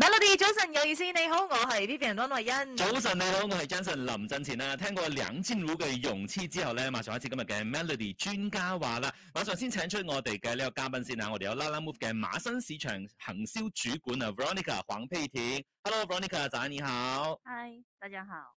Melody 早晨有意思，你好，我係呢邊安慧欣。早晨你好，我係 Jason 林振前啦、啊。聽過兩千五嘅用詞之後咧，馬上開始今日嘅 Melody 專家話啦。馬上先請出我哋嘅呢個嘉賓先吓，我哋有 Lalamove 嘅馬新市場行銷主管啊，Veronica 黃佩婷。Hello，Veronica 仔，你好。Hi，大家好。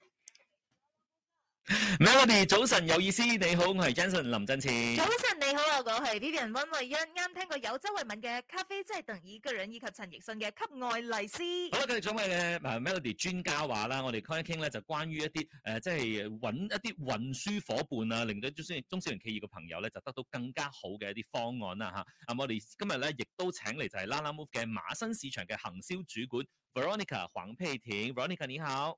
Melody，早晨有意思，你好，我係 Jason 林振始。早晨你好啊，我係 Vivian 溫慧欣，啱聽過有周慧敏嘅《咖啡即係特以個人》，以及陳奕迅嘅《吸外嚟斯》好。好啦，今日想嘅誒 Melody 專家話啦，我哋開一傾咧就關於一啲誒、呃，即係搵一啲運輸夥伴啊，令到中小中小型企業嘅朋友咧就得到更加好嘅一啲方案啦吓。咁、啊、我哋今日咧亦都請嚟就係 La La m o 嘅馬新市場嘅行銷主管 Veronica 黃佩婷，Veronica 你好。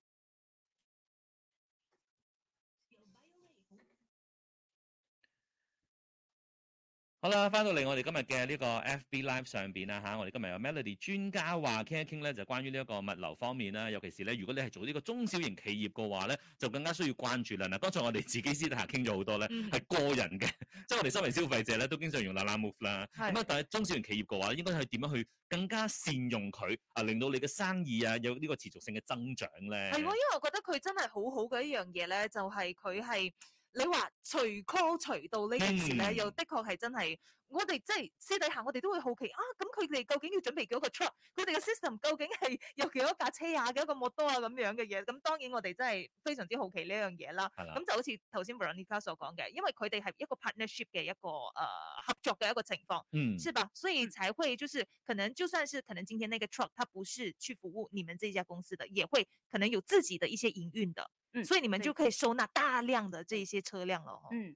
好啦，翻到嚟我哋今日嘅呢個 FB Live 上邊啊，嚇！我哋今日有 Melody 專家話傾一傾咧，就關於呢一個物流方面啦。尤其是咧，如果你係做呢個中小型企業嘅話咧，就更加需要關注啦。嗱，剛才我哋自己私底下傾咗好多咧，係、嗯、個人嘅，即係我哋身為消費者咧，都經常用 Lalamove 啦。咁啊是，但係中小型企業嘅話，應該係點樣去更加善用佢啊，令到你嘅生意啊有呢個持續性嘅增長咧？係，我因為我覺得佢真係好好嘅一樣嘢咧，就係佢係。你話隨 call 隨到呢件事咧，嗯、又的確係真係。我哋即係私底下，我哋都會好奇啊！咁佢哋究竟要準備幾多個 truck？佢哋嘅 system 究竟係有幾多架車啊？幾多個摩托啊咁樣嘅嘢？咁當然我哋真係非常之好奇呢樣嘢啦。係啦。咁就好似頭先 Veronica 所講嘅，因為佢哋係一個 partnership 嘅一個誒、呃、合作嘅一個情況，嗯，是吧？所以才會就是可能就算是可能今天那個 truck，它不是去服務你們這家公司的，也會可能有自己的一些營運的。嗯。所以你們就可以收納大量的這些車輛咯。嗯。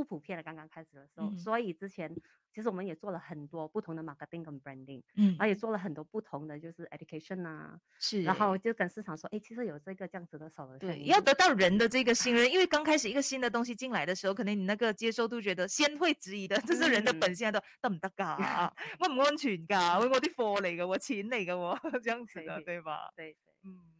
不普遍的，剛剛開始的時候，所以之前其實我們也做了很多不同的 marketing 跟 branding，嗯，然後也做了很多不同的就是 education 啊，是，然後就跟市場說，誒，其實有這個這樣子的手對，要得到人的這個信任，因為剛開始一個新的東西進來的時候，可能你那個接受度覺得先會質疑的，這是人的本性的，得唔得噶？安唔安全噶？我我啲貨嚟噶，我錢嚟噶，這樣子的對吧對，嗯。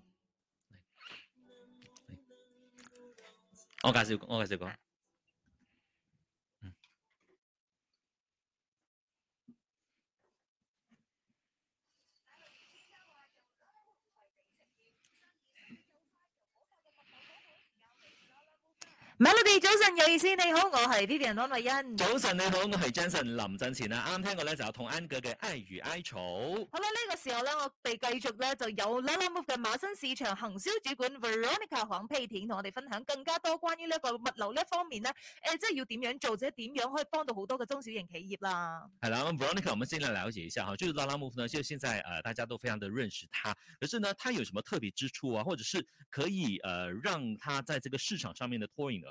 我介紹，我介紹講。Melody，早晨有意思，你好，我係呢啲人安慧欣。早晨你好，我係 Jason。臨陣前啊，啱聽過咧就有同安格嘅愛與哀愁。好啦，呢、這個時候咧，我哋繼續咧就有 Lalamove 嘅馬新市場行銷主管 Veronica 黃佩婷同我哋分享更加多關於呢一個物流呢方面咧，誒、呃，即係要點樣做，或者點樣可以幫到好多嘅中小型企業啦。係啦，咁 Veronica，我們先嚟了解一下吓，即係 Lalamove 呢，就現在啊、呃，大家都非常的認識它，可是呢，它有什麼特別之處啊，或者是可以誒、呃，讓它在這個市場上面的脫穎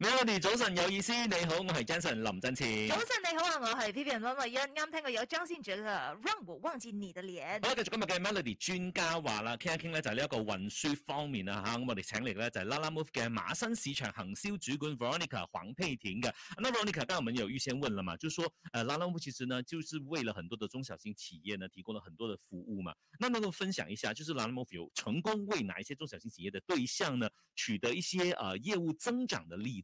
Melody 早晨有意思，你好，我係 Jason 林振前。早晨你好啊，我係 P P R 潘慧欣。啱聽過有張信哲嘅讓我忘記你的臉。好啦，繼續今日嘅 Melody 專家話啦，傾一傾咧就係呢一個運輸方面啦、啊、吓。咁我哋請嚟咧就係 Lalamove 嘅馬新市場行銷主管 Veronica 黃佩婷嘅。那 Veronica 剛才我們有預先問啦嘛，就說誒、呃、Lalamove 其實呢，就是為了很多的中小型企業呢，提供了很多嘅服務嘛。那能夠分享一下，就是 Lalamove 有成功為哪一些中小型企業的對象呢，取得一些誒、呃、業務增長的例子？